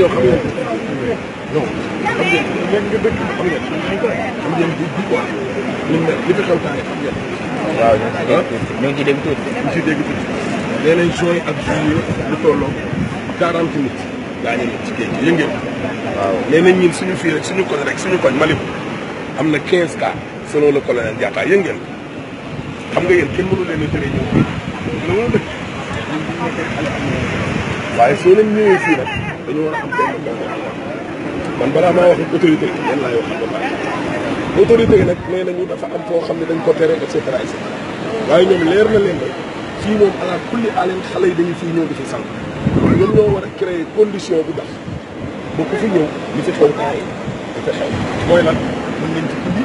yoo xam ne xam ngeen ngeen nga dëkk xam ngeen xam ngeen bu bu quoi li mu li yi xam ah, ak juillet lu tolloo quarante nit gaañu nit ci suñu fii rek suñu koñ rek suñu koñ Malibu am na quinze cas selon le colonel Diatta yëngeen xam nga yéen kenn mënu leen a jëlee waaye soo leen ñëwee fii nag dañu war a am benn bopp man balaa maa wax autorité yi yan laay wax nag nee nañu dafa am foo xam ne dañ ko tere et cetera et waaye ñoom leer na leen fii moom ala kulli aleen xale yi dañu fii ñëw di fi sànq ñoom ñoo war a créer condition bi tax ba ku fi ñëw li fi xew kaay li fi xew mooy lan mën nañ ci indi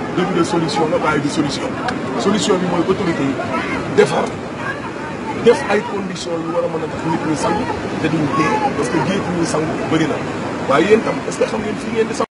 début de solution la bàyyi du solution solution bi mooy autorité yi defar def ay conditions yu war a mën a tax nit ñi sangu te duñu dee parce que géej gi ñuy sangu bëri na waaye yéen tam est-ce que xam ngeen fii di sangu